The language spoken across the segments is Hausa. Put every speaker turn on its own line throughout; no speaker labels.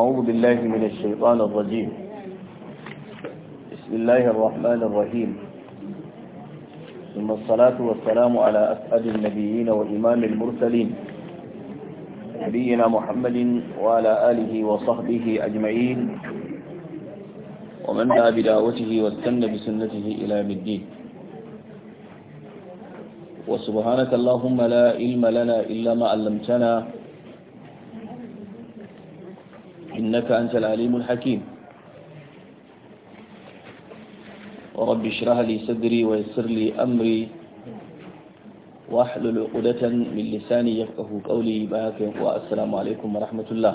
أعوذ بالله من الشيطان الرجيم بسم الله الرحمن الرحيم ثم الصلاة والسلام على أسعد النبيين وإمام المرسلين نبينا محمد وعلى آله وصحبه أجمعين ومن دعا بدعوته واستنى بسنته إلى يوم الدين وسبحانك اللهم لا علم لنا إلا ما علمتنا إنك أنت العليم الحكيم ورب اشرح لي صدري ويسر لي أمري واحلل عقدة من لساني يفقه قولي باك والسلام عليكم ورحمة الله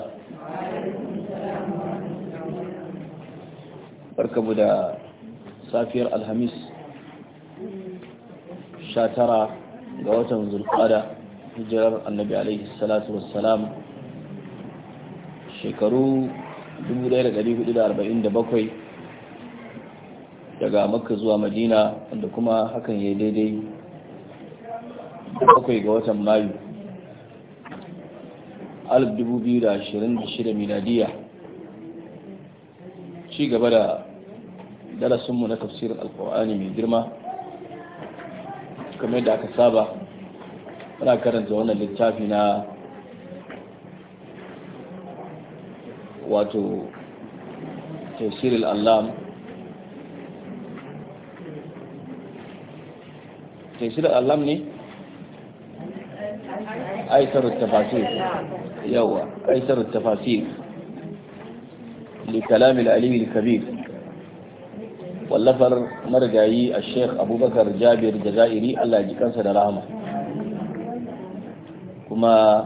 بركب دا سافير الهميس شاترا قوة ذو القادة هجر النبي عليه الصلاة والسلام shekaru 1447 daga makka zuwa madina wanda kuma hakan ya daidai bakwai ga watan mayu 2026 miladiya ci gaba da darasinmu na tafsirin alkawani mai girma kamar da aka saba muna karanta wannan littafi na wato tafsirul allam tafsirul allam ne
aisarut tafasir yawa
aisarut tafasir لكلام العلي الكبير wallafar marigayi a sheikh abubakar jabir da za'iri allah ji kansa da rahama kuma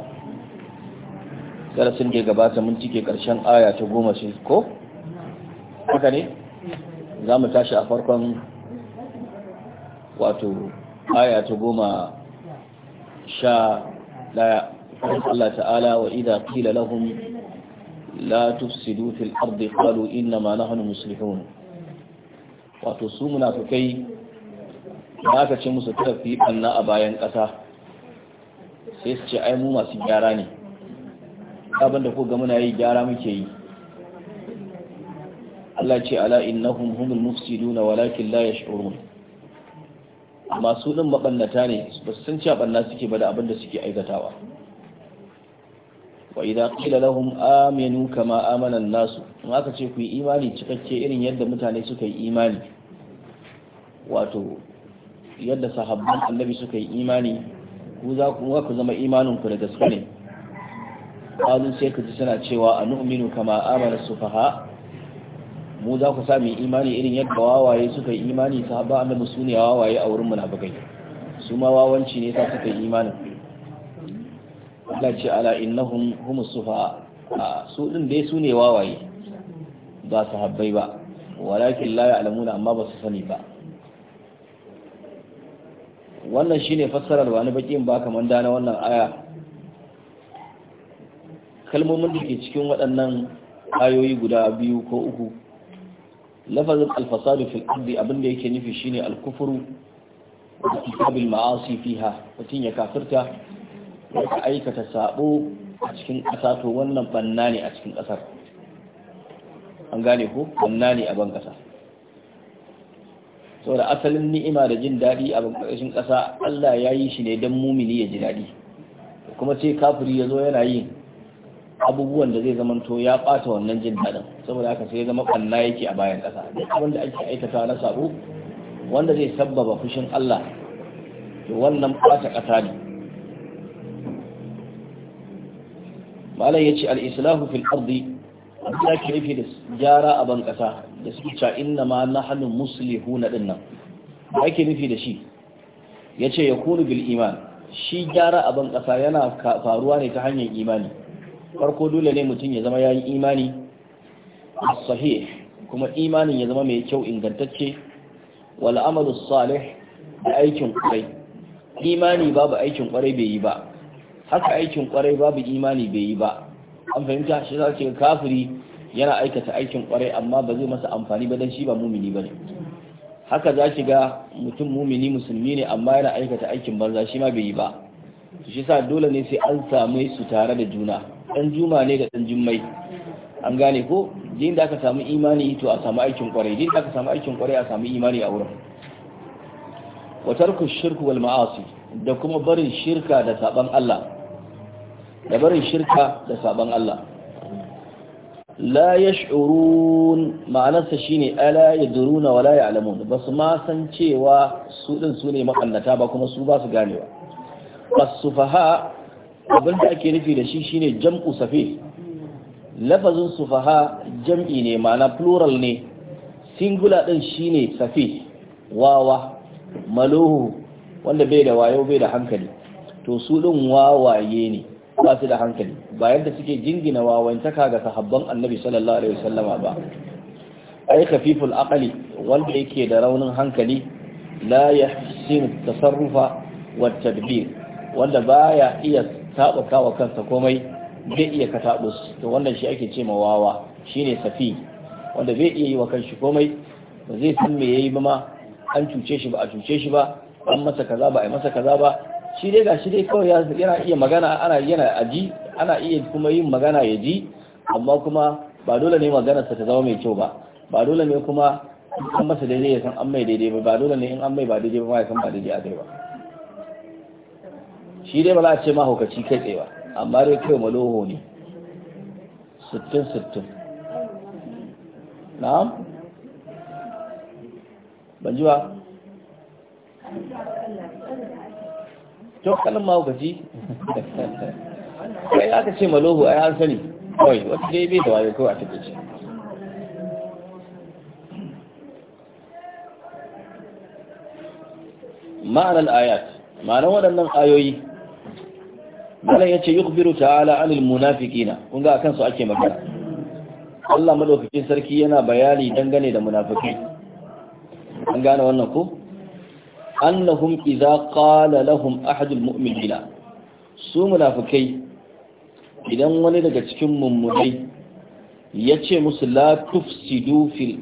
darasin da ya gabata mun cike karshen aya ta goma shi ko? haka ne? za mu tashi a farkon wato aya ta goma sha daya Allah ta'ala wa idha qila lahum la tufsidu fil ardi qalu inna ma nahnu muslihun wato su munafikai da aka ce musu tafi a bayan ƙasa sai su ce ai mu masu gyara ne abin da ga muna yi gyara muke yi Allah ce ala innahum humul mufsiduna walakin la yash'urun masu din mabannata ne ba san cewa banna suke ba da abin da suke aikatawa wa idan qila lahum aminu kama amana an-nas in aka ce ku yi imani cikakke irin yadda mutane suka yi imani wato yadda sahabban annabi suka yi imani ku za ku zama imanin ku da gaskiya qalu sai ka ji suna cewa anu'minu kama amana sufaha mu za ku sami imani irin yadda wawaye suka yi imani sahaba annabi su ne wawaye a wurin munafikai su ma wawanci ne ta suka yi imanin Allah ce ala innahum humus sufaha su din dai su ne wawaye ba sahabbai ba walakin la ya'lamuna amma ba su sani ba wannan shine fassarar wani bakin ba kaman da na wannan aya kalmomin da ke cikin waɗannan ayoyi guda biyu ko uku lafazin alfasadu fil ardi abinda yake nufi shine alkufuru da kitabil ma'asi fiha mutum ya kafirta ya aikata sabo a cikin ƙasa to wannan banna ne a cikin ƙasar an gane ko banna ne a ban ƙasa saboda asalin ni'ima da jin daɗi a ban ƙasa Allah ya yi shi ne don mumini ya ji daɗi kuma ce kafiri yazo yana yin abubuwan da zai zamanto ya ɓata wannan jin daɗin saboda haka sai ya zama ƙwanna yake a bayan ƙasa duk abin da ake aikata na sabo wanda zai sabbaba fushin Allah to wannan ɓata ƙasa ne malam ya ce al'islahu fil ardi abin ke da gyara a ban ƙasa da suke cewa inna ma na hannun muslihu na ɗin nan da ake nufi da shi ya ce ya kuru bil iman shi gyara a ban ƙasa yana faruwa ne ta hanyar imani farko dole ne mutum ya zama ya yi imani sahih kuma imanin ya zama mai kyau ingantacce wal amalu salih da aikin kwarai imani babu aikin kwarai bai yi ba haka aikin kwarai babu imani bai yi ba an fahimta shi za ce kafiri yana aikata aikin kwarai amma ba zai masa amfani ba dan shi ba mumini ne. haka za ki ga mutum mumini musulmi ne amma yana aikata aikin banza shi ma bai yi ba shi sa dole ne sai an same su tare da juna dan juma ne da dan jummai an gane ko din da aka samu imani to a samu aikin kwarai din da aka samu aikin kwarai a samu imani a wurin wa tarku shirku wal ma'asi da kuma barin shirka da saban Allah da barin shirka da saban Allah la yash'urun ma'anarsa shine ala yadruna wala ya'lamun basu ma san cewa su din su ne makallata ba kuma su ba su ganewa as-sufaha abin da ake nufi da shi shine jam'u safi lafazin sufaha jam'i ne ma'ana plural ne singular din shine safi wawa maluhu wanda bai da wayo bai da hankali to su din wawaye ne ba su da hankali ba yadda suke jingina wawantaka ga sahabban annabi sallallahu alaihi wasallama ba ai khafiful aqli wanda yake da raunin hankali la yahsin tasarrufa wa tadbir wanda baya iya taɓuka wa kansa komai zai iya kataɓus to wannan shi ake ce wawa ne safi wanda zai iya yi wa kanshi komai ba zai san me yayi ba ma an cuce shi ba a cuce shi ba an masa kaza ba a masa kaza ba shi dai ga shi dai kawai yana iya magana ana yana aji ana iya kuma yin magana ya ji amma kuma ba dole ne sa ta zama mai kyau ba ba dole ne kuma an masa daidai ya san an mai daidai ba ba dole ne in an mai ba daidai ba ma ya san ba daidai a kai ba shi dai ba za a ce mahaukaci kai tsaye ba amma dai kai maloho ne sittin sittin na'am ban ji ba to kalin mahaukaci kai aka ce maloho ai an sani kawai wata dai bai da wajen kawai a take ce ma'anar ayat ma'anar waɗannan ayoyi malam yace yukhbiru ta'ala anil na. kun ga kan su ake magana Allah maɗaukacin sarki yana bayani dangane da munafiki. an gane wannan ku. an ko annahum idza qala lahum ahadul mu'minina su munafikai idan wani daga cikin ya ce musu la tufsi dufin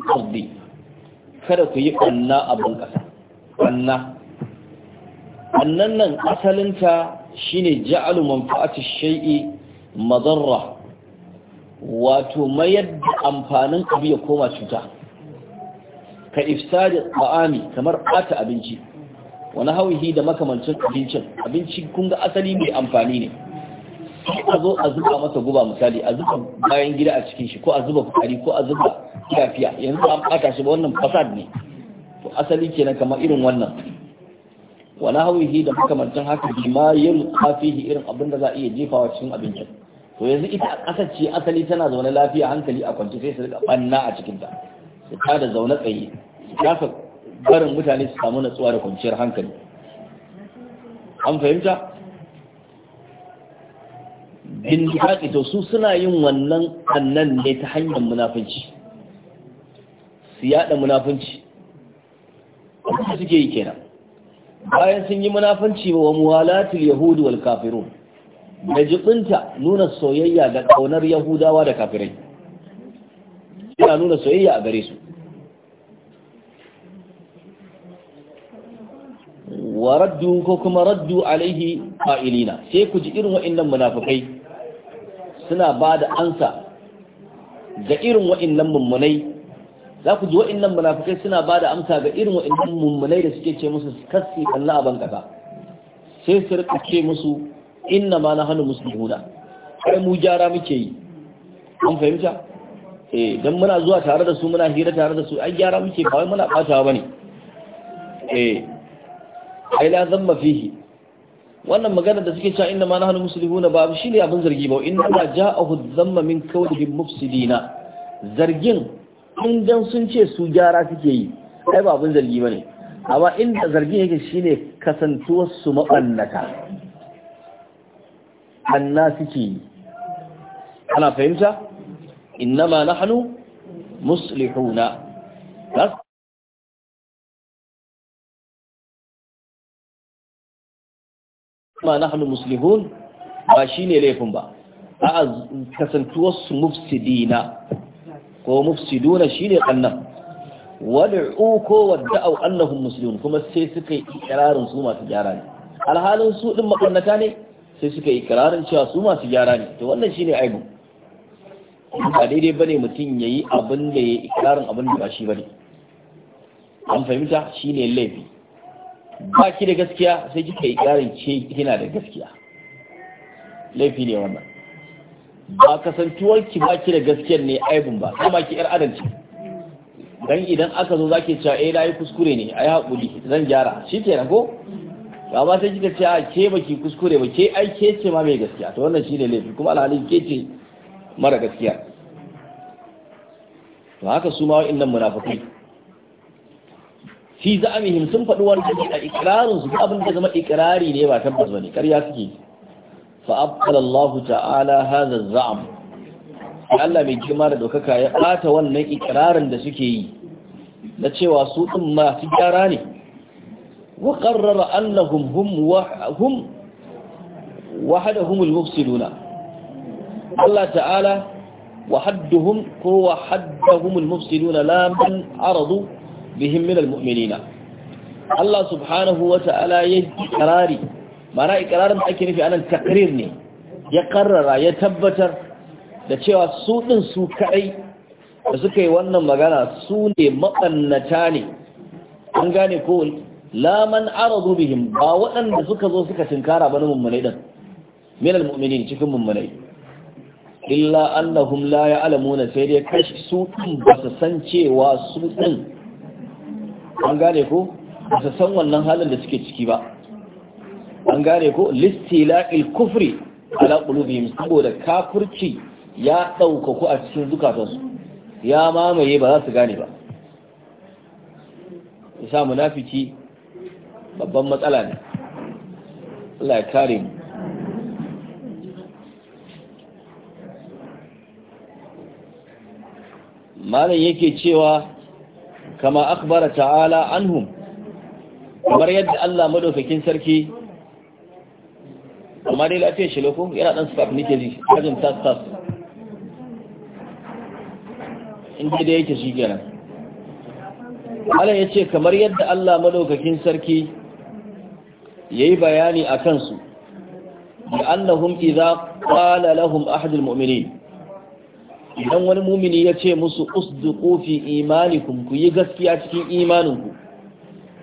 kada ku yi ƙanna a ƙasa, ƙanna. nan asalinta shine ja'alu manfa'ati shay'i madarra wato mayar da amfanin abu ya koma cuta ka ifsadi ta'ami kamar ɓata abinci wani hauhi da makamancin abincin abinci kun ga asali mai amfani ne a zo a zuba masa guba misali a zuba bayan gida a cikin shi ko a zuba kari ko a zuba kafiya yanzu an ɓata shi ba wannan fasad ne to asali kenan kamar irin wannan wa nahwihi da makamantan haka bi ma yulqa fihi irin abinda za a iya jefawa cikin abincin to yanzu ita kasar ce asali tana zaune lafiya hankali a kwance sai su rika banna a cikin ta su da zaune tsaye su fa barin mutane su samu natsuwa da kwanciyar hankali an fahimta bin haƙi to su suna yin wannan annan ne ta hanyar munafunci su yaɗa munafunci wanda suke yi kenan bayan sun yi munafanci wa muwalatul yahudu wal kafirun da jibinta nuna soyayya da kaunar yahudawa da kafirai yana nuna soyayya a gare su wa raddu ko kuma raddu alaihi fa'ilina sai ku ji irin wa'annan munafikai suna ba da ansa ga irin wa'annan mummunai za ku ji wa'annan munafikai suna ba da amsa ga irin wa'annan mummunai da suke ce musu kassi Allah a bankasa sai su rika ce musu inna ma na hannu musulmuna kai mu gyara muke yi an fahimta eh dan muna zuwa tare da su muna hira tare da su ai gyara muke ba wai muna batawa bane eh ai la zamma fihi wannan magana da suke cewa inna ma na hannu musulmuna ba shi ne abin zargi ba inna ja'ahu zamma min kawlihim mufsidina zargin in dan sun ce su gyara suke yi ai ba abin zargi bane amma inda zargin yake shine kasantuwar su mabannata anna suke yi ana fahimta innama nahnu muslihuna ma nahnu muslihun ba shine laifin ba a kasantuwar su mufsidina ko mufsiduna shine kannan wad'u ko wad'u annahum muslimun kuma sai suka yi ikrarin su masu gyara ne alhalin su din makannata ne sai suka yi ikrarin cewa su masu gyara ne to wannan shine aibu ba daidai bane mutum yayi abin da yayi ikrarin abin da ba shi bane an fahimta shine laifi ba ki da gaskiya sai kika yi ikrarin ce kina da gaskiya laifi ne wannan ba kasantuwar ki ba ki da gaskiyar ne aibun ba kuma ki yar adalci dan idan aka zo zaki cewa eh yi kuskure ne ai hakuri zan gyara shikenan ko ba ba sai kika ce a ke baki kuskure ba ke ai ke ce ma mai gaskiya to wannan shine laifi kuma alhali ke ce mara gaskiya to haka su ma wa'annan munafikai fi za'amihim sun faɗi wani a ikrarin su abin da zama ikrari ne ba tabbas bane ƙarya suke فأبطل الله ta'ala هذا الزعم Allah mai girma da ɗaukaka ya ɓata wannan ikirarin da suke yi na cewa su ɗin masu gyara ne wa ƙarrara annahum hum humul mufsiduna Allah ta'ala wa wahadduhum ko wa wahadahumul mufsiduna la man aradu bihim min almu'minina Allah subhanahu wa ta'ala ya yi ikrari mana ikirarin da ake nufi anan takrir ne ya karrara ya tabbatar da cewa su din su kadai da suka yi wannan magana su ne maɓannata ne an gane ko laman aradu bihim ba waɗanda suka zo suka tinkara ba na mummunai ɗin minal mu'minin cikin mummunai illa annahum la ya'lamuna sai dai kashi su ɗin ba su san cewa su ɗin an gane ko ba su san wannan halin da suke ciki ba an gane ko listilaqil kufri ala qulubihim saboda kafirci ya ɗaukaku a cikin zukatansu ya mamaye ba za su gane ba isa munafiki babban matsala ne Allah ya kare mu malam yake cewa kama akbara ta'ala anhum kamar yadda Allah madaukakin sarki amma dai lafiyar shi loko yana dan staff nike ji hajjin tas tas Inda ji da yake shi kenan Allah ya ce kamar yadda Allah madaukakin sarki ya yi bayani a kansu bi annahum idza qala lahum ahadul mu'minin idan wani mumini ya ce musu usdu kofi imanikum ku yi gaskiya cikin imaninku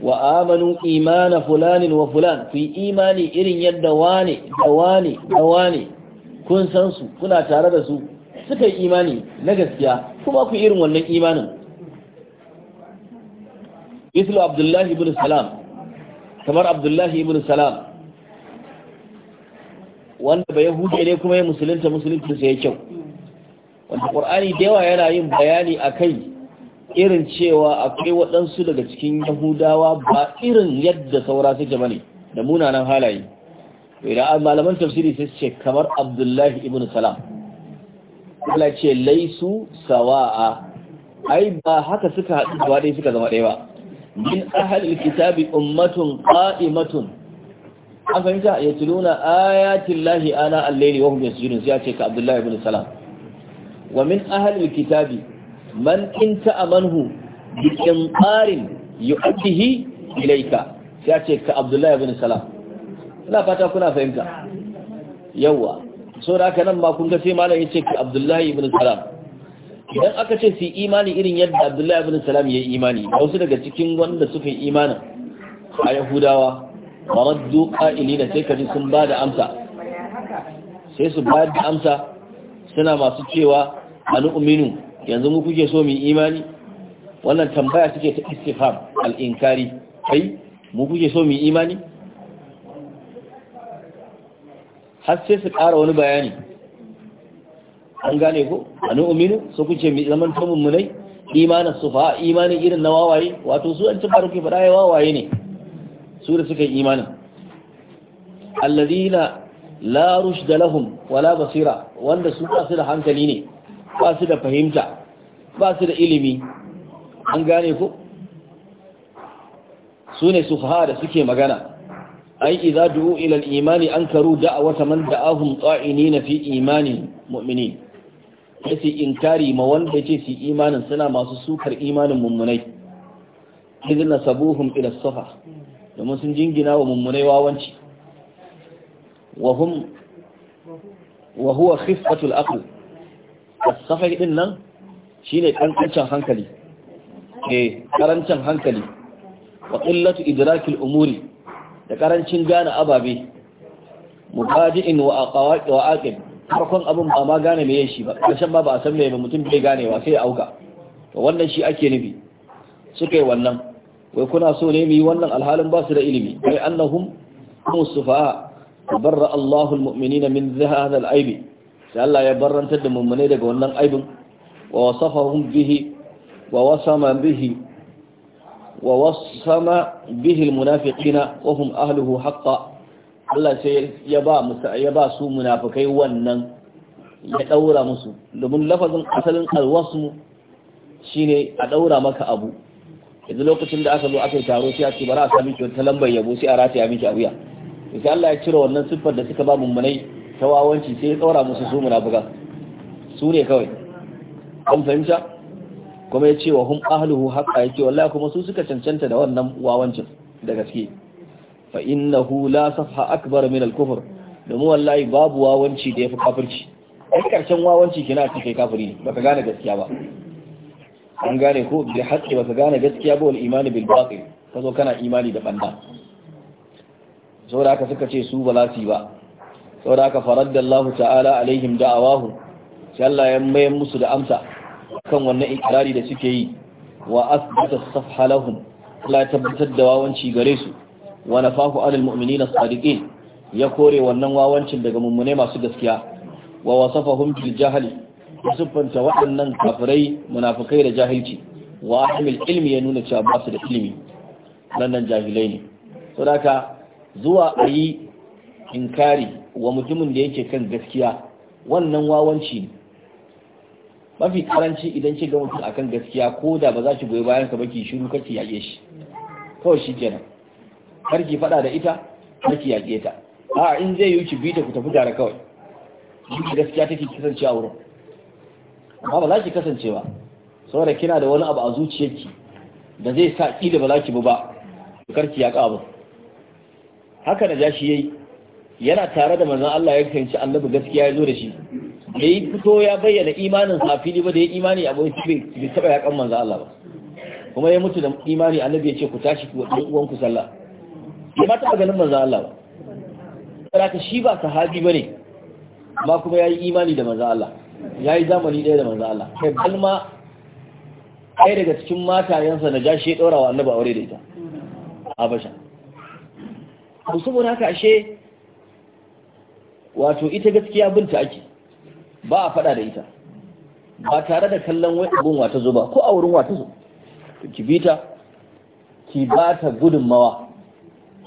wa amanu imana fulanin wa fulan ku yi imani irin yadda wane da wane da wane kun san su kuna tare da su suka yi imani na gaskiya kuma ku irin wannan imanin islu abdullahi ibn salam kamar abdullahi ibn salam wanda bai huje ne kuma ya musulunta musulunta sai ya kyau wanda qur'ani da yawa yana yin bayani akai irin cewa akwai waɗansu daga cikin yahudawa ba irin yadda saura suke bane da munanan halaye idan malaman tafsiri sai ce kamar abdullahi ibn salam Allah ce laisu sawa'a ai ba haka suka haɗu ba dai suka zama ɗaya ba min ahlil kitabi ummatun qa'imatun an fahimta ya tiluna ayatin lahi ana allaili wa hum yasjudun sai ya ce ka abdullahi ibn salam wa min ahlil kitabi man in amanhu bi qintarin yu'tihi ilayka ya ce ka Abdullahi ibn Salam ina fata kuna fahimta yawa so da haka nan ma kun ga sai malam yace ka Abdullahi ibn Salam idan aka ce su imani irin yadda abdullah ibn Salam ya yi imani wasu daga cikin wanda suka yi imanin a Yahudawa maraddu qa'ilina sai kaji sun bada da amsa sai su ba da amsa suna masu cewa anu'minu yanzu mu kuke so mu yi imani wannan tambaya suke ta istifham al'inkari. kai mu kuke so mu yi imani har sai su ƙara wani bayani an gane ko anu uminu su kuce mai zaman tamun mu nai su fa'a imanin irin na wawaye wato su an tabbata ke faɗa ya wawaye ne su da suka yi imanin alladina la rushda lahum wala basira wanda su ba su da hankali ne ba su da fahimta ba su da ilimi an gane ku su ne su haɗa suke magana ai idza du'u ila al-imani ankaru da'wata man da'ahum ta'inina fi imani mu'minin yace inkari ma wanda yace su imanin suna masu sukar imanin mummunai idan nasabuhum ila safa domin sun jingina wa mummunai wawanci wa hum wa huwa khifatul aql safai din nan shine kankancin hankali eh karancin hankali wa idrakil umuri da ƙarancin gane ababe mubadi'in wa aqawaqi wa aqib farkon abin ba ma gane meye shi ba ƙarshen ba ba a san meye ba mutum bai ganewa sai ya auka to wannan shi ake nufi suka yi wannan wai kuna so ne mu yi wannan alhalin ba su da ilimi wai annahum hum barra Allahul mu'minina min hadha al-aibi sai Allah ya barantar da mummune daga wannan aibin wa wasafahum bihi wa wasama bihi wa wasama bihi almunafiqina wa hum ahluhu haqqan Allah sai ya ba musu ya ba su munafikai wannan ya daura musu domin lafazin asalin alwasm shine a daura maka abu yanzu lokacin da aka zo aka taro sai a ce bara a sami ki wata lambar yabo sai a rataya miki a wuya sai Allah ya cire wannan siffar da suka ba mummunai ta wawanci sai ya tsora musu su buga su ne kawai an fahimta kuma ya ce wa hun ahluhu haqqa yake wallahi kuma su suka cancanta da wannan wawancin da gaske fa innahu la safha akbar min al-kufr domin wallahi babu wawanci da yafi kafirci ai karshen wawanci kina ce kai kafiri ne baka gane gaskiya ba an gane ko bi haqqi baka gane gaskiya ba wal imani bil batil kazo kana imani da banda saboda haka suka ce su ba za su yi ba saboda aka da Allah ta'ala alaihim da'awahu sai Allah ya mayar musu da amsa kan wannan ikirari da suke yi wa asbata safha Allah ya tabbatar da wawanci gare su wa nafahu alal mu'minina sadiqin ya kore wannan wawancin daga mummune masu gaskiya wa wasafahum bil jahli siffanta waɗannan kafirai munafikai da jahilci wa ahmil ilmi ya nuna cewa ba su da ilimi nan jahilai ne saboda zuwa ayi inkari wa mutumin da yake kan gaskiya wannan wawanci ne mafi karanci idan ce ga mutum akan gaskiya ko da ba za ki goyi bayan ka baki shiru kake yaƙe shi kawai shi kenan kar ki faɗa da ita kar ki yaƙe ta a in zai yi ki bita ku tafi tare kawai duk gaskiya take kasance a wurin amma ba za ki kasance ba saboda kina da wani abu a zuciyarki da zai sa ki da ba za ki bi ba kar ki yaƙa abu haka na ja shi yayi yana tare da manzon Allah ya fahimci annabi gaskiya ya zo da shi da yi fito ya bayyana imanin sa fili ba da ya imani abu bai bai taba ya kan manzon Allah ba kuma ya mutu da imani annabi ya ce ku tashi ku wani uwan ku sallah ya mata taba ganin manzon Allah ba saboda shi ba sahabi bane amma kuma yayi imani da manzon Allah yayi zamani ɗaya da manzon Allah kai balma kai daga cikin yansa na jashi ya daura wa annabi aure da ita a basha mun haka ashe wato ita gaskiya binta ake ba a faɗa da ita ba tare da kallon wai abin wata zo ba ko a wurin wata zo ki bi ta ki ba ta gudunmawa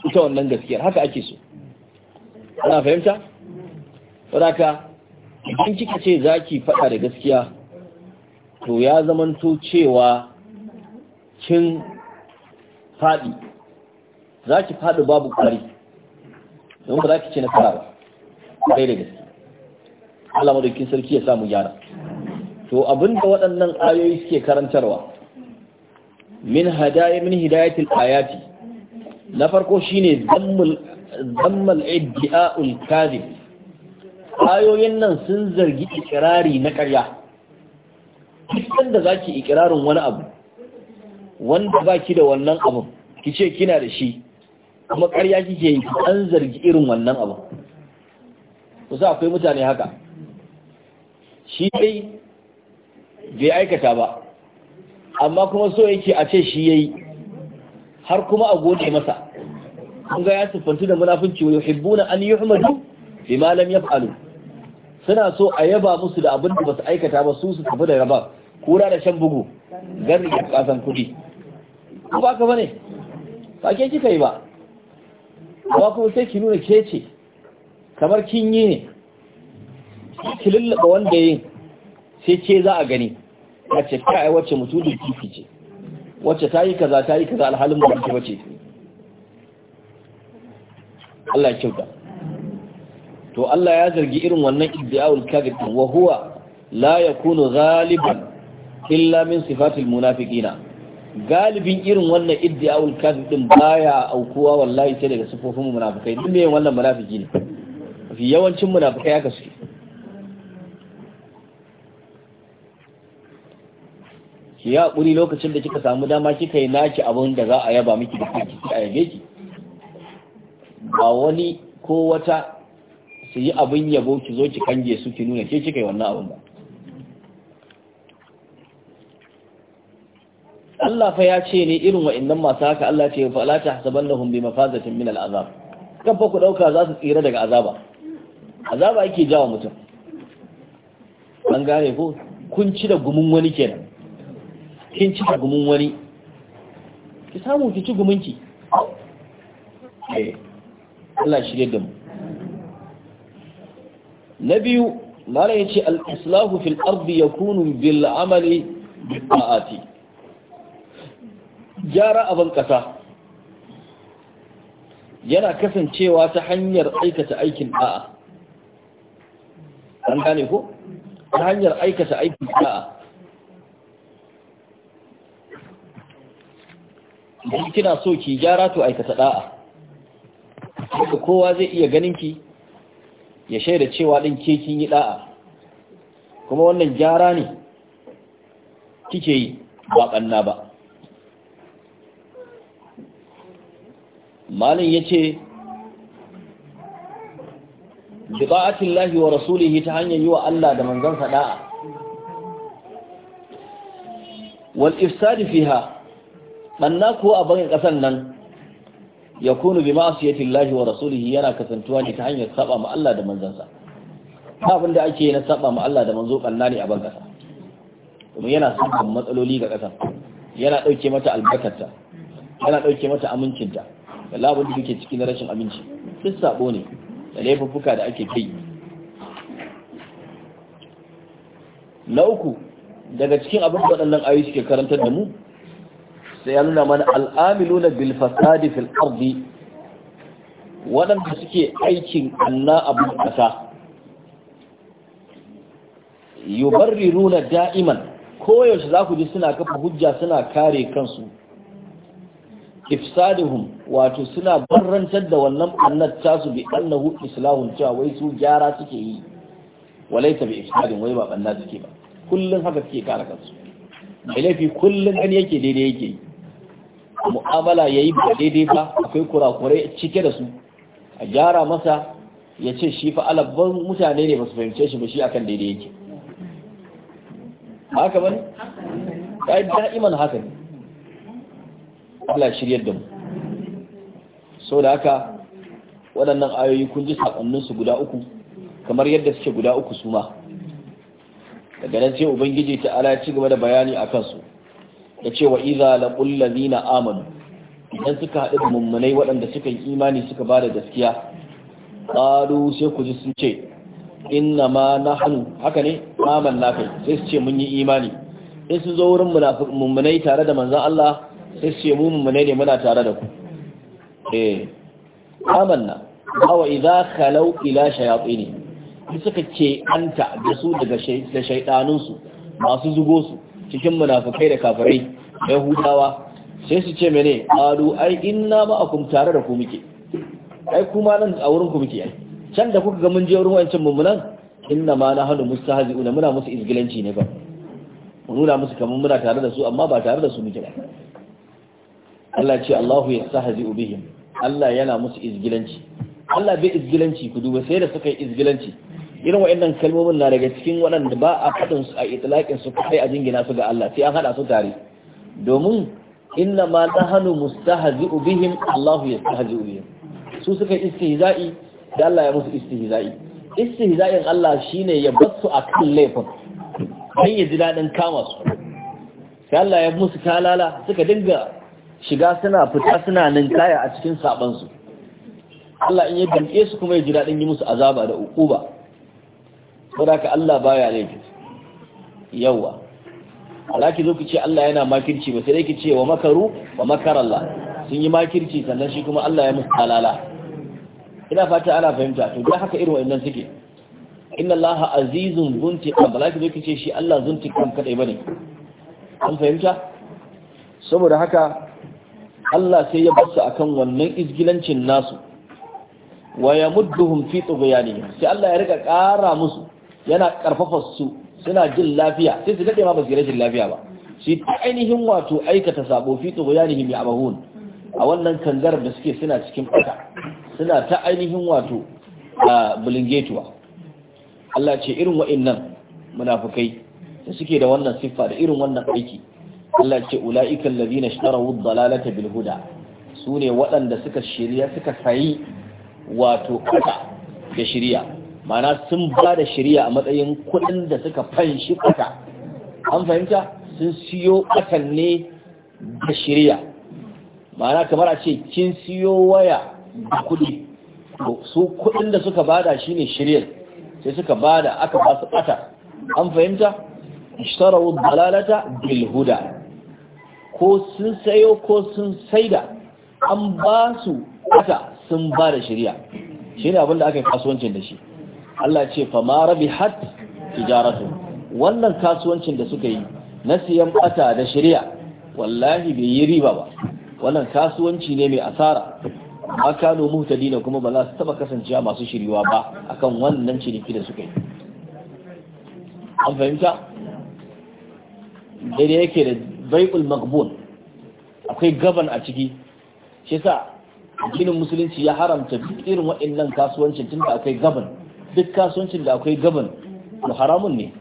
ita wannan gaskiyar haka ake so ana fahimta saboda idan kika ce za ki faɗa da gaskiya to ya zamanto cewa kin faɗi ki faɗi babu ƙari don ba za ki ce na fara ba ɗaya da gaske Allah sarki ya samu gyara to abinda waɗannan ayoyi suke karantarwa min hadaya min hidayatil ayati na farko shine zammul zammal iddia'ul kadhib ayoyin nan sun zargi ikirari na ƙarya duk da zaki ikirarin wani abu wanda baki da wannan abu kice kina da shi kuma ƙarya kike yi an zargi irin wannan abu kusa akwai mutane haka shi dai bai aikata ba amma kuma so yake a ce shi yayi har kuma a gode masa kun ga ya siffantu da munafunci wa yuhibbuna an yuhmadu bima lam yaf'alu suna so a yaba musu da abin da basu aikata ba su su tafi da raba kura da shan bugu garri da kasan kudi ko ba ka bane ba ke kika yi ba ba kuma sai ki nuna ke ce kamar kin yi ne ki lullaba wanda yin sai ce za a gani a ce kai wacce mutumin kifi ce wacce ta yi kaza ta yi kaza alhalin ba ta wacce Allah ya kyauta to Allah ya zargi irin wannan iddiaul kadhib wa huwa la yakunu ghaliban illa min sifatil munafiqina galibin irin wannan iddiaul kadhib baya aukuwa wallahi sai daga sifofin munafikai duk ne wannan munafiki ne mafi yawancin munafikai haka suke ki ya ƙuri lokacin da kika samu dama kika yi naki abin da za a yaba miki da kike a yabe ki ba wani ko wata su yi abin yabo ki zo ki kange su ki nuna ke kika yi wannan abin ba Allah fa ya ce ne irin wa'annan masu haka Allah ce fa la hasabannahum bi mafazatin min al'azab kan fa ku dauka za su tsira daga azaba azaba yake jawa mutum an gane ko kun ci da gumin wani kenan kin ci da gumin wani ki samu ki ci guminki eh Allah shirye da mu na biyu mara ya ce al'islahu fil ardi ya kunu bil amali taati gyara aban ƙasa yana kasancewa ta hanyar aikata aikin da'a an gane ko ta hanyar aikata aiki da'a idan kina so ki gyara to aikata da'a haka kowa zai iya ganin ki ya shaida cewa ɗin ke kin yi da'a kuma wannan gyara ne kike yi ba kanna ba malin yace bi lahi wa rasulihi ta hanyar yi wa Allah da manzon sa da'a wal ifsad fiha banna ko a bakin kasan nan ya yakunu bi lahi wa rasulihi yana kasantuwa ne ta hanyar saba ma Allah da manzon sa abin da ake na saba ma Allah da manzo banna ne a ban kasa kuma yana samun matsaloli ga kasa yana dauke mata albarkarta yana dauke mata amincinta
da labun da yake
cikin rashin aminci duk sabo ne da laifuffuka da ake kai na uku daga cikin abin waɗannan ayi suke karantar da mu sai ya nuna mana al'amiluna bil fasadi fil ardi waɗanda suke aikin anna abin ƙasa yubarriruna da'iman koyaushe za ku ji suna kafa hujja suna kare kansu ifsaduhum wato suna barrantar da wannan annat tasu bi annahu islahun cewa wai su gyara suke yi walaita bi ifsadin wai ba banda suke ba kullun haka suke kare kansu mai laifi kullun gani yake daidai yake yi mu'amala yayi ba daidai ba akwai kurakurai cike da su a gyara masa ya ce shi fa alabban mutane ne ba su fahimce shi ba shi akan daidai yake haka bane da'iman haka ne Allah shiryar da mu sau da haka waɗannan ayoyi kun ji saƙonninsu guda uku kamar yadda suke guda uku su ma daga nan sai ubangiji ta ala ci gaba da bayani a kansu ya ce wa iza la zina amanu idan suka haɗu da mummunai waɗanda suka yi imani suka ba da gaskiya ƙaru sai ku ji sun ce inna ma na hannu haka ne aman na kai sai su ce mun yi imani in sun zo wurin mummunai tare da manzan Allah sai su ce mu ne muna tare da ku eh amanna awa idza khalau ila shayatin suka ce anta da su daga da shaytanun su masu zugo su cikin munafikai da kafirai yahudawa sai su ce mene qalu ai inna akum tare da ku muke ai kuma nan a wurin ku muke ai can da kuka ga mun je wurin wancan mummunan inna ma na hadu mustahzi'una muna musu izgilanci ne ba Mun nuna musu kamar muna tare da su amma ba tare da su muke ba Allah ce Allahu ya sahazi ubihim Allah yana musu izgilanci Allah bai izgilanci ku duba sai da suka yi izgilanci irin waɗannan kalmomin na daga cikin waɗanda ba a faɗin su a itlaqin su kai a jingina su ga Allah sai an hada su tare domin inna ma nahanu mustahzi'u bihim Allahu ya yastahzi'u bihim su suka yi istihza'i da Allah ya musu istihza'i istihza'in Allah shine ya basu akan laifin dan ya ji dadin kama su sai Allah ya musu talala suka dinga shiga suna fita suna nan kaya a cikin sabansu Allah in ya damke su kuma ya ji daɗin yi musu azaba da uquba saboda ka Allah baya laifi yawa alaki zo ki ce Allah yana makirci ba sai dai ki ce wa makaru wa makarallah sun yi makirci sannan shi kuma Allah ya musu halala ina fata ana fahimta to dai haka irin wannan suke inna Allah azizun alaki zo ku ce shi Allah kan kadai bane an fahimta saboda haka Allah sai ya basu akan wannan izgilancin nasu wa yamudduhum fi tughyanihim sai Allah ya rika ƙara musu yana karfafa su suna jin lafiya sai su dade ma ba su jin lafiya ba shi ainihin wato aikata sabo fi tughyanihim ya'mahun a wannan kanzarar da suke suna cikin fata suna ta ainihin wato a bulingetuwa Allah ce irin wa'annan munafukai da suke da wannan siffa da irin wannan aiki Allah ce ula'ika Ladina Shara ad-dalalata bil huda sune waɗanda suka shirya suka sayi wato kata da shirya mana sun ba da shirya a matsayin kuɗin da suka fanshi kata an fahimta sun siyo katan ne da shirya mana kamar a ce kin siyo waya da kuɗi su kuɗin da suka bada shine shiryar sai suka bada aka ba su kata an fahimta ishtaraw ad-dalalata bilhuda. ko sun sayo ko sun saida an ba su aka sun ba da shirya shi ne abinda aka yi kasuwancin da shi Allah ce fama rabi hat tijaratu wannan kasuwancin da suka yi na siyan bata da shirya wallahi bai yi riba ba wannan kasuwanci ne mai asara ma kano muhtadina kuma ba za su taba kasancewa masu shiriwa ba akan wannan ciniki da suka yi an fahimta daidai yake da bai'ul maqbul akwai gaban a ciki shi yasa addinin musulunci ya haramta duk irin waɗannan kasuwancin tun da akwai gaban duk kasuwancin da akwai gaban to haramun ne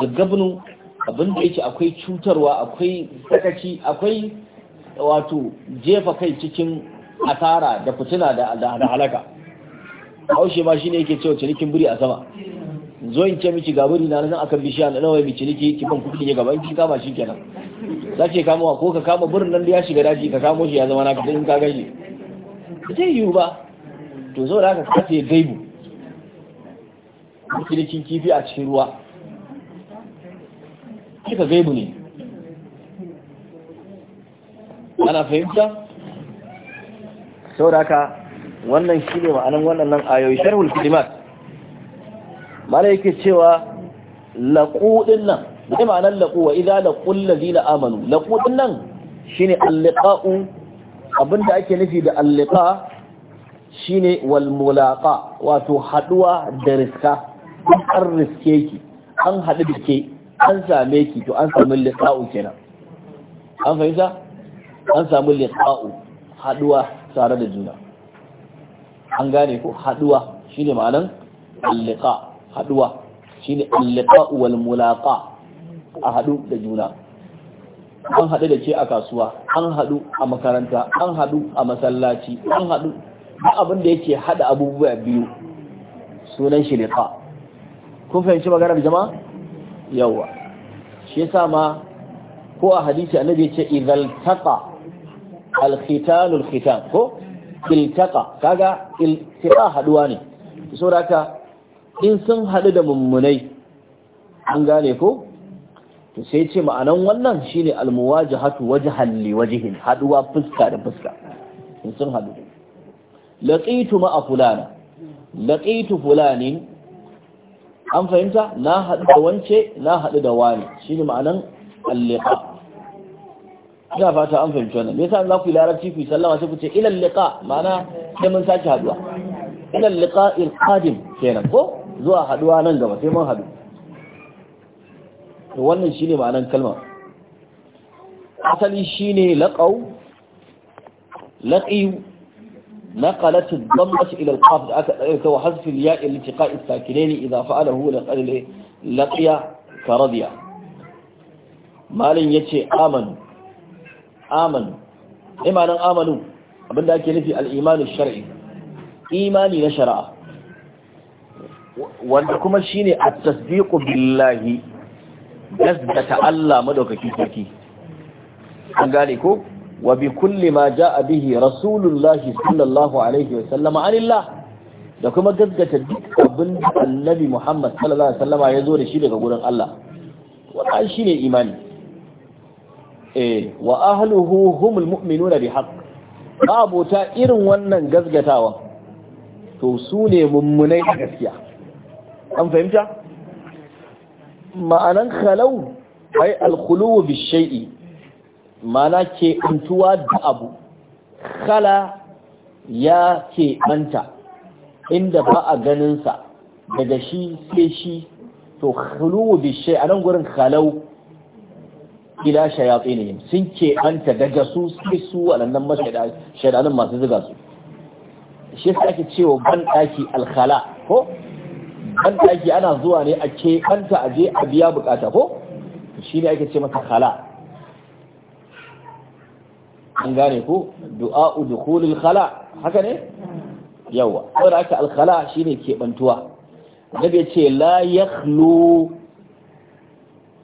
da gabanu abin da yake akwai cutarwa akwai sakaci akwai wato jefa kai cikin asara da fitina da halaka haushe ma shine yake cewa cinikin buri a sama zo in ce miki gaburi na nan akan bishiya na nawa miki ciniki ki ban kuɗi ne gaba ki kama shi kenan za ki kama ko ka kama burin nan da ya shiga daji ka kamo shi ya zama naka in ka gashi ba zai yiwu ba to zo da ka kace gaibu cinikin kifi a cikin ruwa kika gaibu ne ana fahimta saboda haka wannan shine ma'anan wannan ayoyi sharhul kalimat mala yake cewa laqu din nan bai ma'anar laqu wa idza laqul ladina amanu laƙuɗin din nan shine al-liqa'u abinda ake nufi da al-liqa shine wal mulaqa wato haɗuwa da riska an riske ki an haɗu da ke an same ki to an samu liƙa'u kenan an fahimta an samu liƙa'u haɗuwa tare da juna an gane ko haɗuwa haduwa shine ma'anar al-liqa' haduwa shine al-liqa wal mulaqa a hadu da juna an hadu da ke a kasuwa an hadu a makaranta an hadu a masallaci an hadu duk abin da yake hada abubuwa biyu sunan shi liqa kun fahimci maganar jama'a yawa shi yasa ma ko a hadisi annabi ya ce idhal taqa al-khitanul khitan ko iltaqa kaga iltiqa haduwa ne saboda haka in sun haɗu da mummunai an gane ko to sai ce ma'anan wannan shine waje halli waje hin haɗuwa fuska da fuska in sun haɗu laƙitu ma'a fulana laƙitu fulani an fahimta na haɗu da wance na haɗu da wani shine ma'anan al ina fata an fahimci wannan me yasa za ku yi larabci ku yi sallama sai ku ce ilal liqa ma'ana sai mun sake haɗuwa. ilal liqa il qadim kenan ko zuwa haduwa nan gaba sai mun hadu to wannan shine ma'anan kalma asali shine laqaw laqiw نقلت الضمة إلى القاف وحذف الياء لالتقاء الساكنين إذا فعله لقي كرضيا malin ya ce amanu amanu Imanan amanu abinda ake nufi al'imanin shar'i imani na shari'a wanda kuma shi ne a tasdiqu billahi gaskata Allah madaukaki sarki an gane ko wa bi kulli ma jaa bihi rasulullahi sallallahu alaihi wa sallam anillah da kuma gaskata duk abin da annabi Muhammad sallallahu alaihi wasallama ya zo da shi daga gurin Allah wannan shine imani eh wa ahluhu humul mu'minuna bihaq abota irin wannan gaskatawa to su ne mummunai gaskiya an fahimta ma'anan khalau ai alkhuluwu bi shay'i ma'ana ke antuwa da abu khala ya ke anta inda ba a ganin sa daga shi sai shi to khuluwu bi anan gurin khalau ila shayatinihim sun ke anta daga su sai su waɗannan mashaidanin masu zuga su shi ake cewa ban daki alkhala ko ban ɗaki ana zuwa ne a ke ɓanta a je a biya bukata ko shi ne ake ce masa khala an gane ku? Du'a dukhulil khala haka ne yawa saboda haka al-khala shine ke bantuwa annabi ya ce la yakhlu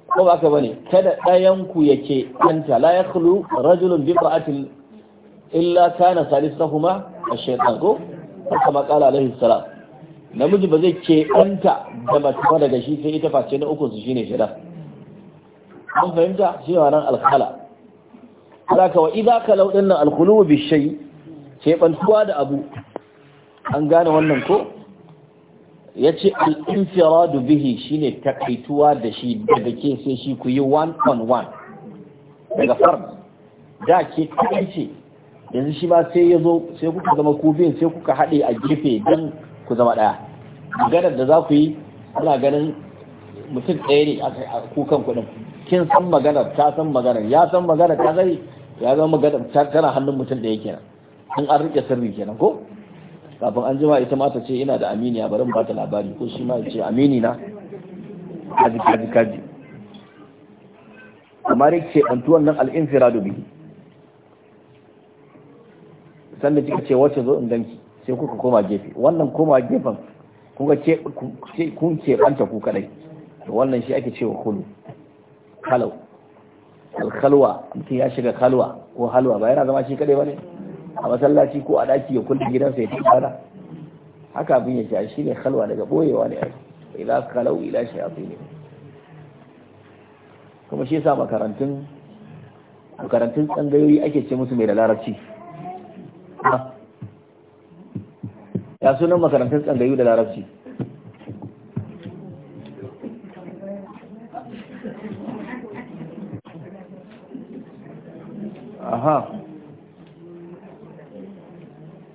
ko ba ka bane kada dayan ku yake anta la yakhlu rajulun bi imra'atin illa kana salisuhuma ash-shaytan ko kama qala alaihi salam namiji ba zai ke anta da mace daga shi sai ita face na uku su shine shida an fahimta shi ne wannan alkhala ka wa idza ka din nan alkhulu bi shay ke bantuwa da abu an gane wannan ko yace al infirad bihi shine takaituwa da shi daga ke sai shi ku yi one on one daga fard da ke kai ce yanzu shi ba sai ya zo sai kuka zama ku sai kuka haɗe a gefe dan ku zama ɗaya maganar da za ku yi ana ganin mutum ɗaya ne a kukan kuɗin kin san maganar ta san maganar ya san maganar ta sani ya zama maganar tana hannun mutum ɗaya kenan in an riƙe sirri kenan ko kafin an jima ita ma ta ce ina da aminiya a barin bata labari ko shi ma ya ce amini na kaji kaji kaji amma dai ce antuwan nan al'infiradu bihi sanda kika ce wacce zo in ganki sai kuka koma gefe wannan koma gefen kuka ce kun ce banta ku kadai to wannan shi ake cewa khulu al khalwa mutum ya shiga khalwa ko halwa ba yana zama shi kadai bane a masallaci ko a daki ya kulle gidansa ya fara haka bin ya shi ne khalwa daga boyewa ne ila khalau ila shayatin kuma shi yasa makarantun makarantun tsangayoyi ake ce musu mai da larabci ah, ya sunan makarantar tsangayu da larabci aha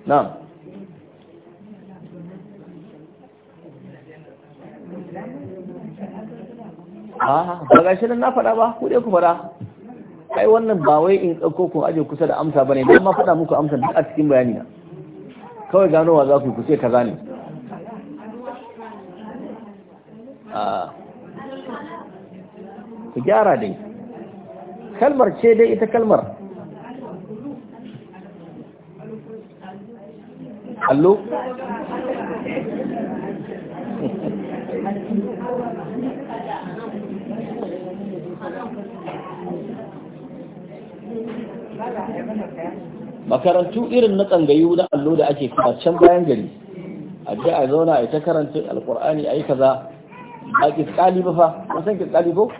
na'am ba gashi nan na faɗa ba ku dai ku faɗa ai wannan ba wai in ɗauko ku aje kusa da amsa bane ne ma faɗa muku amsa duk a cikin bayani na kawai ganowa za ku yi ce kaza ne ku gyara dai kalmar ce dai ita kalmar
allo
makarantu irin na tsangayu na allo da ake kuma can bayan gari a ji a zauna a ta karanta alkur'ani a yi kaza a kiskali ba fa san kiskali ko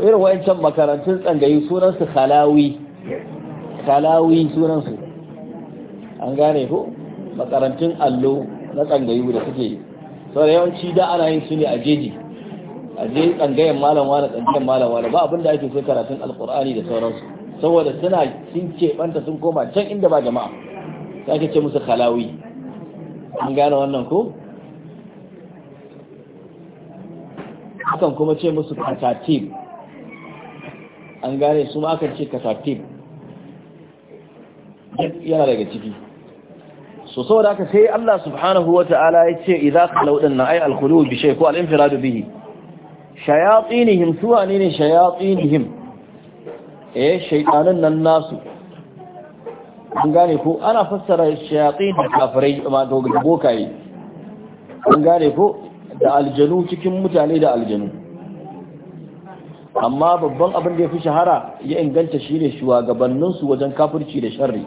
irin can makarantun tsangayu sunansu halawi halawi sunansu an gane ko makarantun allo na tsangayu da suke yi sau da yawanci da ana yin su ne a jeji a je tsangayen malam wani tsangayen malam wani ba abinda ake so karatun alkur'ani da sauransu saboda suna sun banta sun koma can inda ba jama'a sai ake ce musu halawi an gane wannan ko akan kuma ce musu katatib an gane su ma akan ce katatib yana daga ciki so saboda haka sai Allah subhanahu wa ta'ala ya ce idza khalau dinna na ay al-khulu bi shay ko al-infiradu bihi shayatinihim suwa ne ne shayatinihim eh shaytanin nan nasu an gane ko ana fassara shayatin da kafirai ma to bokaye an gane ko da aljanu cikin mutane da aljanu amma babban abin da ya fi shahara ya inganta shi ne shugabanninsu wajen kafirci da sharri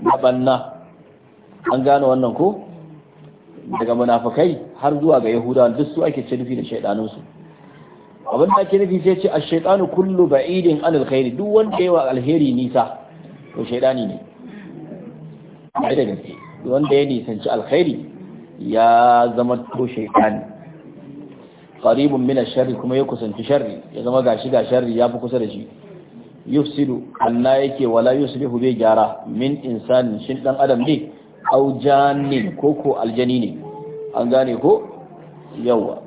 da an gane wannan ko daga munafakai har zuwa ga yahudawa duk su ake ce nufi da shaidaninsu abin da ke nufi sai ce a shaitanu kullu ba'idin an alkhairi duk wanda yawa alheri nisa to shaitani ne yi da gaske wanda ya nisanci alkhairi ya zama to shaitani qaribun min ash-sharri kuma ya kusanci sharri ya zama gashi ga sharri ya fi kusa da shi yufsidu anna yake wala yuslihu bai gyara min insanin shin dan adam ne au janin koko aljani ne an gane ko yawa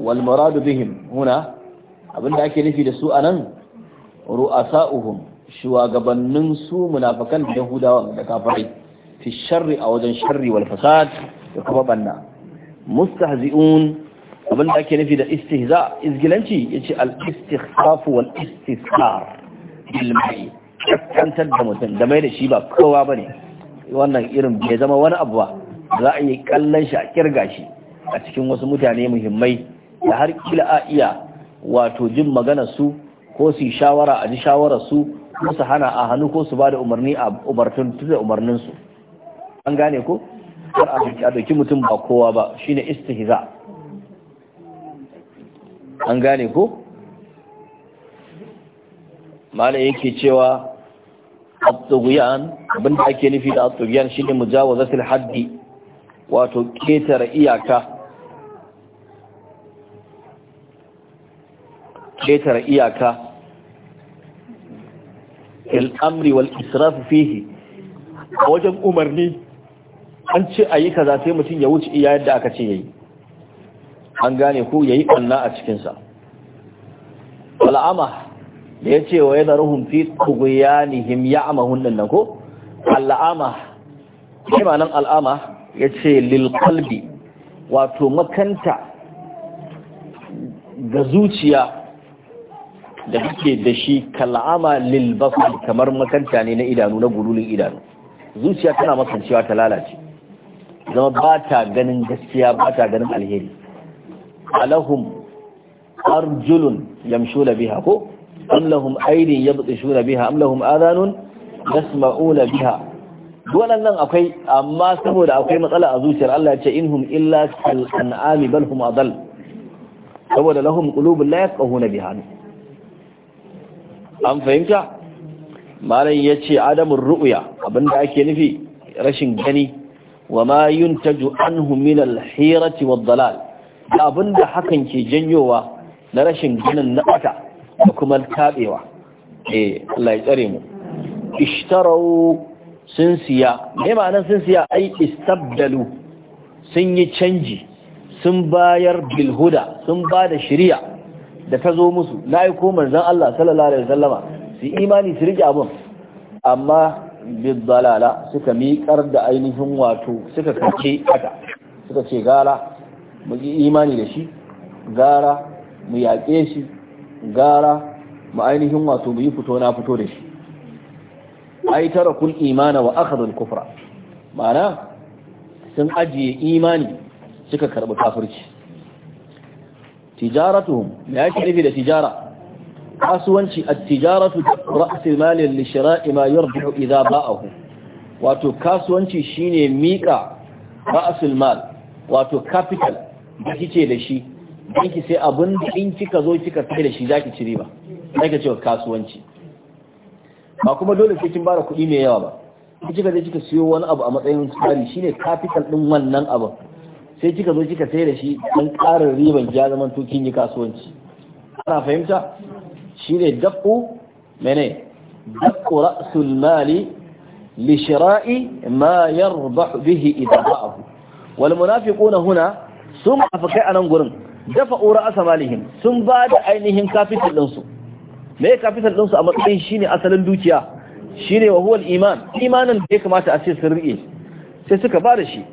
Walmuradu muradu bihim abin da ake nufi da su anan ru'asa'uhum shugabannin su munafikan da yahudawa da kafirai fi sharri a wajen sharri wal fasad da kuma banna mustahzi'un da ake nufi da istihza izgilanci yace al istikhaf wal istisar bil mai da mutum da mai da shi ba kowa bane wannan irin bai zama wani abu ba za a yi kallon shi a kirga shi a cikin wasu mutane muhimmai da har kila a iya wato jin magana su ko su shawara a ji shawarar su ko su hana a hannu ko su ba da umarni a umartun da umarnin su an gane ko har a doki mutum ba kowa ba shine istihza an gane ko malai yake cewa abdugiyan abinda ake nufi da abdugiyan shine mujawazatul haddi wato ketare iyaka ƙetare iyaka al'amri wal israf fihi a wajen umarni an ce a yi kaza sai mutum ya wuce iya yadda aka ce ya yi an gane ku ya yi ɓanna a cikinsa al'ama da ya ce wa yana ruhun fi tuguyanihim ya ama hundun nan ko al'ama ya ma nan al'ama ya ce lilkalbi wato makanta ga zuciya da kake da shi kal'ama lil basar kamar makanta ne na idanu na gululin idanu zuciya tana makancewa ta lalace zama ba ta ganin gaskiya ba ta ganin alheri alahum arjulun yamshuna biha ko am lahum aydin yabtishuna biha am lahum adhanun yasma'una biha wannan nan akwai amma saboda akwai matsala a zuciyar Allah ya ce inhum illa kal an'ami bal hum adall saboda lahum qulubun la yafqahuna biha an fahimta malam ya ce adamun ru'uya abinda ake nufi rashin gani wa ma yuntaju anhu min al-hirati wa dalal abinda hakan ke janyowa na rashin ganin na bata da kuma tabewa eh Allah ya tsare mu ishtarau sun siya me ma'anar sun siya ai istabdalu sun yi canji sun bayar bilhuda sun ba da shiriya da ta zo musu na aiko zan Allah sallallahu alaihi wasallama su imani su rike abun amma bidalala suka miƙar da ainihin wato suka kace haka suka ce gara mu yi imani da shi gara mu yaƙe shi gara mu ainihin wato mu yi fito na fito da shi ai tara kun imana wa akhadul kufra ma'ana sun ajiye imani suka karɓi kafirci tijaratuhum me ake nufi da tijara kasuwanci at-tijaratu ra'sul mali li shira'i ma yarji'u idha ba'ahu wato kasuwanci shine mika ra'sul mal wato capital da kike da shi dan ki sai abin da in kika zo kika kai da shi zaki ci riba zaki cewa kasuwanci ba kuma dole sai kin bada kuɗi mai yawa ba kika je kika siyo wani abu a matsayin tsari shine capital din wannan abin sai kika zo kika sai da shi dan ƙarin riban ya zama tukin yi kasuwanci ana fahimta ne dafu mene dafu ra'sul mali li shira'i ma yarbahu bihi idha ba'ahu wal munafiquna huna sun afakai anan gurin dafa ura asamalihim sun ba da ainihin kafital din su me kafital din su a matsayin shine asalin dukiya shine wa huwal iman imanin da ya kamata a ce sun riƙe sai suka ba da shi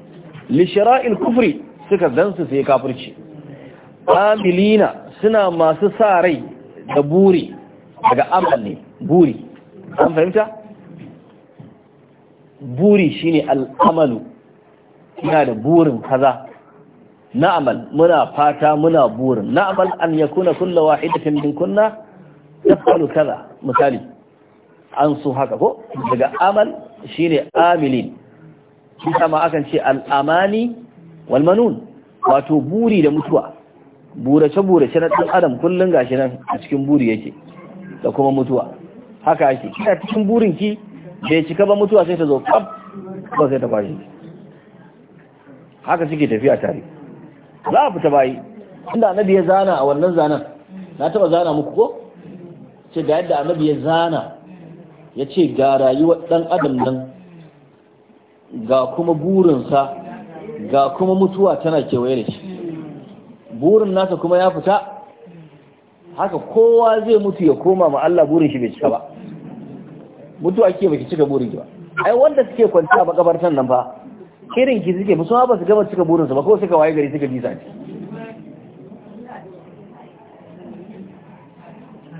lishra'il kufri suka zansu sai kafirci amilina suna masu sa rai da buri daga amal ne buri an fahimta buri shine al'amalu ina da burin kaza na'amal muna fata muna burin na'amal an yakuna kullu wahidatin min kunna tafalu kaza misali an su haka ko daga amal shine amilin shi sama akan ce al'amani walmanun wato buri da mutuwa burace-burace na ɗan adam kullum gashi nan a cikin buri yake da kuma mutuwa haka ake kina cikin burinki bai cika ba mutuwa sai ta zo kaf ba sai ta kwashe haka suke tafiya tare za a fita bayi inda annabi ya zana a wannan zanen na taba zana muku ko ce ga yadda annabi ya zana ya ce ga rayuwar ɗan adam nan ga kuma burinsa ga kuma mutuwa tana kewaye da shi burin nasa kuma ya fita haka kowa zai mutu ya koma ma Allah burin shi bai cika ba mutuwa ke baki cika burin ba ai wanda suke kwanta a makabartan nan fa irin ki suke musu ba su gama cika burinsa ba ko suka waye gari suka bisa ce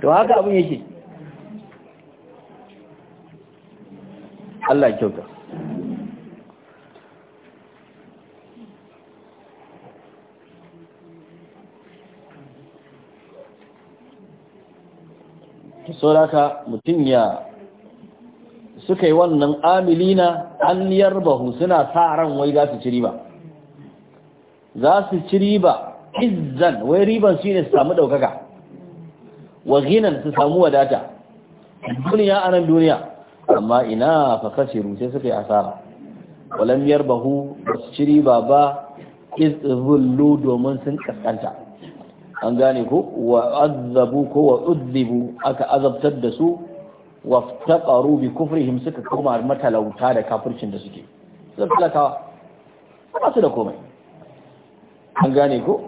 to haka abin yake Allah ya kyauta sauraka mutum ya suka yi wannan amilina an bahu suna sa ran wai za su ci riba za su ci riba izan wai riban shi ne su samu ɗaukaka wa su samu wadata duniya a nan duniya amma ina fa kashe suka yi asara walam bahu ba su ci riba ba iz zullu domin sun kaskanta an gane ko wa azabu ko wa udhibu aka azabtar da su wa taqaru bi kufrihim suka koma matalauta da kafircin da suke suka talakawa ba su da komai an gane ko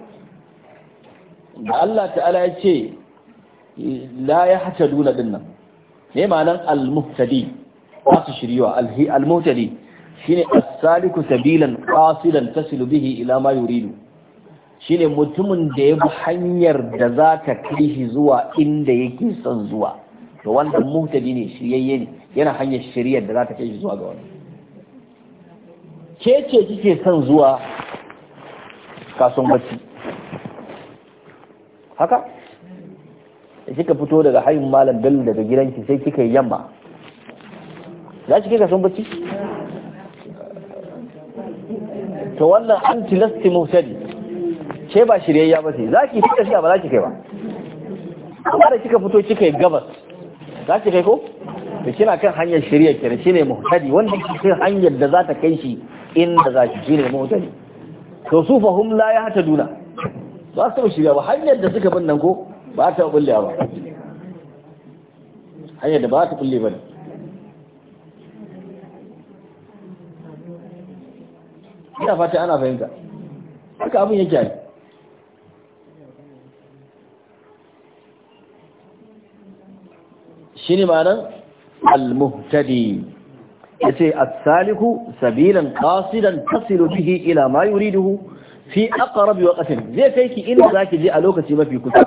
da Allah ta'ala ya ce la ya hata duna dinnan ne ma'anar al-muhtadi ba su shiryuwa al-muhtadi shine as-saliku sabilan qasidan tasilu bihi ila ma yuridu shine mutumin da ya bi hanyar da za ta kai shi zuwa inda yake son zuwa to wanda muhtadi ne shiryayye ne yana hanyar shiryar da za ta kai shi zuwa ga wani ke ce kike son zuwa kasuwan bacci haka da kika fito daga hayin malam bello daga gidanki sai kika yi yamma za ki kai son bacci to wannan an tilasti muhtadi ke ba shiryayya ba sai za ki fi tafiya ba za ki kai ba kuma da kika fito kika yi gabas za ki kai ko da kina kan hanyar shirya shi ne muhtadi wanda kike hanyar da za ta kai shi inda za ki ne muhtadi to su fahim la ya hata duna ba su shirya ba hanyar da suka bin nan ko ba ta bulle ba hanyar da ba ta bulle ba ina fata ana fahimta haka abin yake yi shi ne ma'anan al-muhtadi ya ce asaliku sabilan kasidan tasiru bihi ila ma yuriduhu fi aqrabi waqtin zai kai ki inda zaki je a lokaci mafi kusa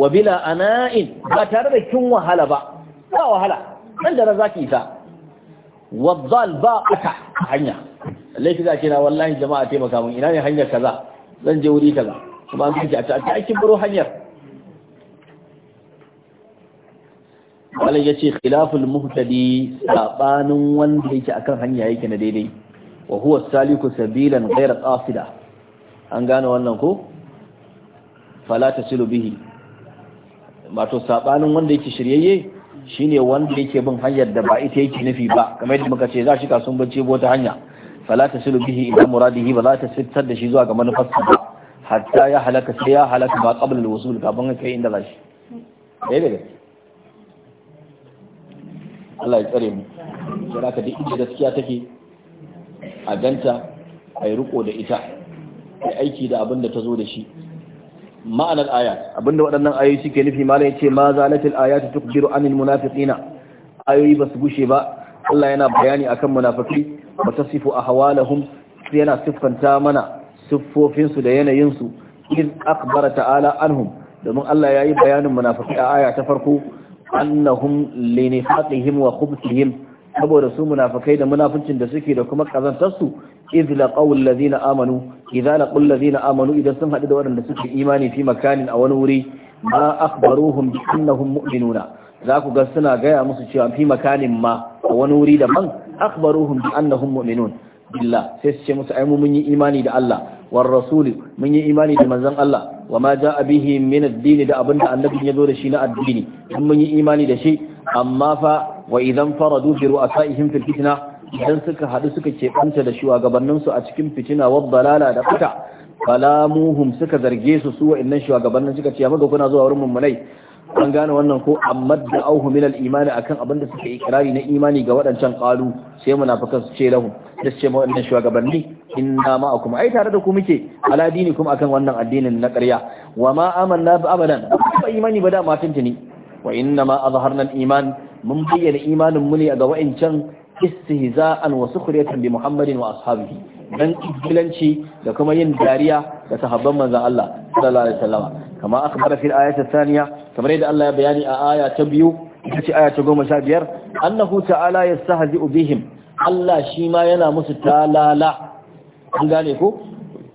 wa bila ana'in ba tare da kin wahala ba ba wahala nan da ki isa wadzal ba aka hanya laifi za ki na wallahi jama'a taimaka mun ina ne hanyar kaza zan je wuri kaza kuma an kace a ta kin baro hanyar wala ya ce khilaful muhtadi sabanin wanda yake akan hanya yake na daidai wa huwa saliku sabilan ghayra qasida an gane wannan ko fala tasilu bihi wato sabanin wanda yake shiryayye shine wanda yake bin hanyar da ba ita yake nufi ba kamar yadda muka ce za shi kasun bacci ba wata hanya fala tasilu bihi ila muradihi ba za ta sittar da shi zuwa ga manufarsa ba hatta ya halaka sai ya halaka ba qabla alwusul kafin kai inda za shi daidai Allah ya tsare mu kira ka duk gaskiya take a ganta a yi riko da ita ai aiki da abin da ta da shi ma'anar aya abinda waɗannan ayoyi suke nufi malai yace ma zalatil ayati tukbiru anil munafiqina ayoyi ba su gushe ba Allah yana bayani akan munafiki wa tasifu ahwalahum yana siffanta mana siffofin da yanayin su iz akbara ta'ala anhum domin Allah ya yi bayanin munafiki a aya ta farko annahum linifaqihim wa khubthihim saboda su munafikai da munafincin da suke da kuma kazantar su idh laqaw alladhina amanu idza laqaw alladhina amanu idan sun hadu da waɗanda suke imani fi makanin a wani wuri ma akhbaruhum bi annahum mu'minuna za ku ga suna gaya musu cewa fi makanin ma a wani wuri daban akhbaruhum bi annahum mu'minun billah sai su ce musu ai mun yi imani da Allah Wan rasuli mun yi imani da manzon Allah wa ma jaa bihi min ad-din da abinda annabi ya zo da shi na addini mun yi imani da shi amma fa wa idan fara bi ru'asaihim fil fitna idan suka hadu suka keɓanta da shugabanninsu a cikin fitina wa balala da fita kalamuhum suka zarge su su wa'annan shugabannin suka ce amma kuna zuwa wurin mummunai an gane wannan ko amma da auhu minal imani akan abin da suke ikirari na imani ga wadancan qalu sai munafikan su ce lahu da su ce ma wannan shugabanni inna ma'akum ai tare da ku muke ala dinikum akan wannan addinin na ƙarya wa ma amanna bi abadan ba imani ba da matan tuni wa inna ma azharna al-iman mun bayyana imanin mu ne ga wa'incan istihza'an wa sukhriyatan bi muhammadin wa ashabihi dan ibilanci da kuma yin dariya da sahabban manzon Allah sallallahu alaihi wasallam kama akhbara fil ayati thaniya kamar yadda Allah ya bayani a aya ta biyu Ta ce aya ta 15 annahu ta'ala yastahzi'u bihim Allah shi ma yana musu talala an gane ko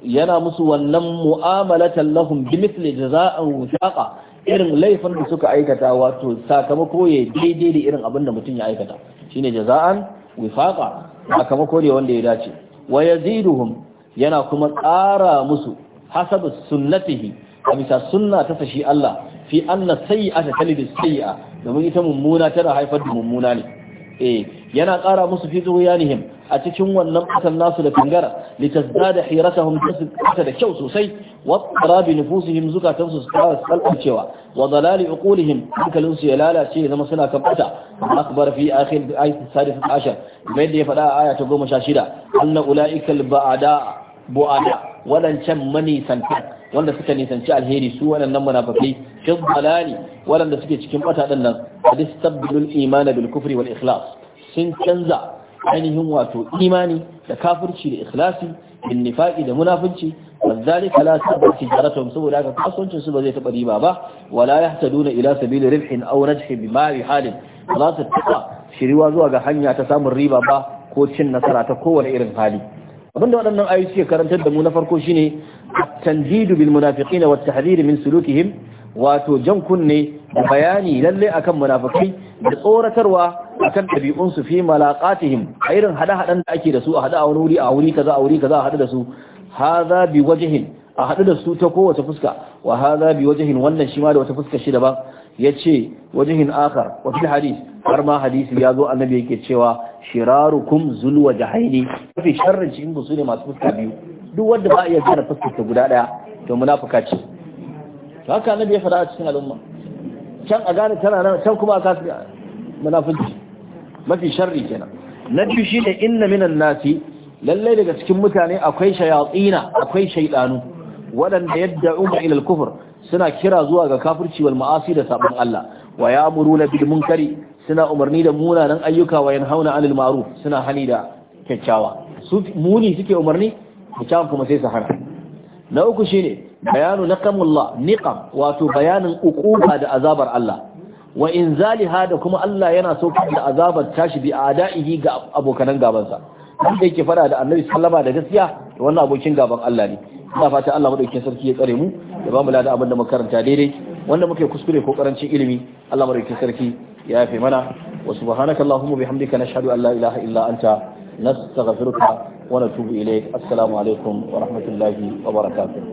yana musu wannan mu'amalatan lahum bimithli jaza'an wusaqa irin laifin da suka aikata wato sakamako ya daidai da irin abin da mutum ya aikata shine jaza'an wifaqa sakamako ne wanda ya dace wa yaziduhum yana kuma ƙara musu hasabu sunnatihi a bisa sunna ta sashi Allah fi anna sayyi'a ta talidu sayyi'a domin ita mummuna tana haifar da mummuna ne eh yana ƙara musu fi zuyanihim a cikin wannan fatan nasu da kangara litazdada hiratahum tasdada da kyau sosai wa tarabi nufusihim zukatan su tsara salkancewa wa dalali uqulihim hankalin su ya lalace zama suna kabata akbar fi akhir ayat sadifat ashar mai da ya fada a aya ta 16 anna ulaikal ba'ada bu'ada wadancan manisanta wanda suka nisanci alheri su waɗannan munafikai fi dalali waɗanda suke cikin bata din nan hadis tabdilul iman bil kufri wal ikhlas sun canza ainihin wato imani da kafirci da ikhlasi bin nifaqi da munafinci wadhalika la tabqa tijaratuhum saboda haka kasuwancin su ba zai taba riba ba wala yahtaduna ila sabili ribhin aw najhin bima bi halin za su taba shiriwa zuwa ga hanya ta samun riba ba ko cin nasara ta kowane irin hali abinda waɗannan ayoyi suke karantar da mu na farko shine at-tanjidu bil munafiqina wat tahdhir min sulukihim wato jan kunne bayani lalle akan munafikai da tsoratarwa akan ɗabi'un su fi malaqatihim a irin hada-hadan da ake da su a hada a wani wuri a wuri kaza a wuri kaza a hada da su hadha bi wajhin a hadu da su ta kowace fuska wa hadha bi wajhin wannan shi ma da wata fuska shi daban yace wajhin akhar wa fil hadith har ma hadisi ya zo annabi yake cewa shirarukum zul wajhaini fi sharrin cikin su ne masu fuska biyu duk wanda ba iya gane fuskar ta guda daya to munafika ce haka annabi ya faɗa a cikin al'umma can a gane tana nan can kuma a kasu munafici mafi sharri kenan na biyu shine inna minan nasi lallai daga cikin mutane akwai shayatsina akwai shaydanu waɗanda yadda ila al-kufr suna kira zuwa ga kafirci wal ma'asi da sabon Allah wa ya'muruna bil munkari suna umarni da munanan ayyuka wa yanhauna 'anil ma'ruf suna hani da kyakkyawa su muni suke umarni kyakkyawan kuma sai su hana na uku shine bayanu naqamullah niqam wato bayanin uquba da azabar Allah wa in zaliha da kuma Allah yana saukar da azabar tashi bi ada'ihi ga abokanan gabansa wanda yake fada da annabi sallama da gaskiya da wannan abokin gaban Allah ne ina fata Allah madaukakin sarki ya tsare mu ya bamu ladan abin da karanta daidai wanda muke kuskure ko karancin ilimi Allah madaukakin sarki ya yafe mana wa subhanaka allahumma bihamdika nashhadu an la ilaha illa anta nastaghfiruka wa natubu ilayk assalamu alaikum wa rahmatullahi wa barakatuh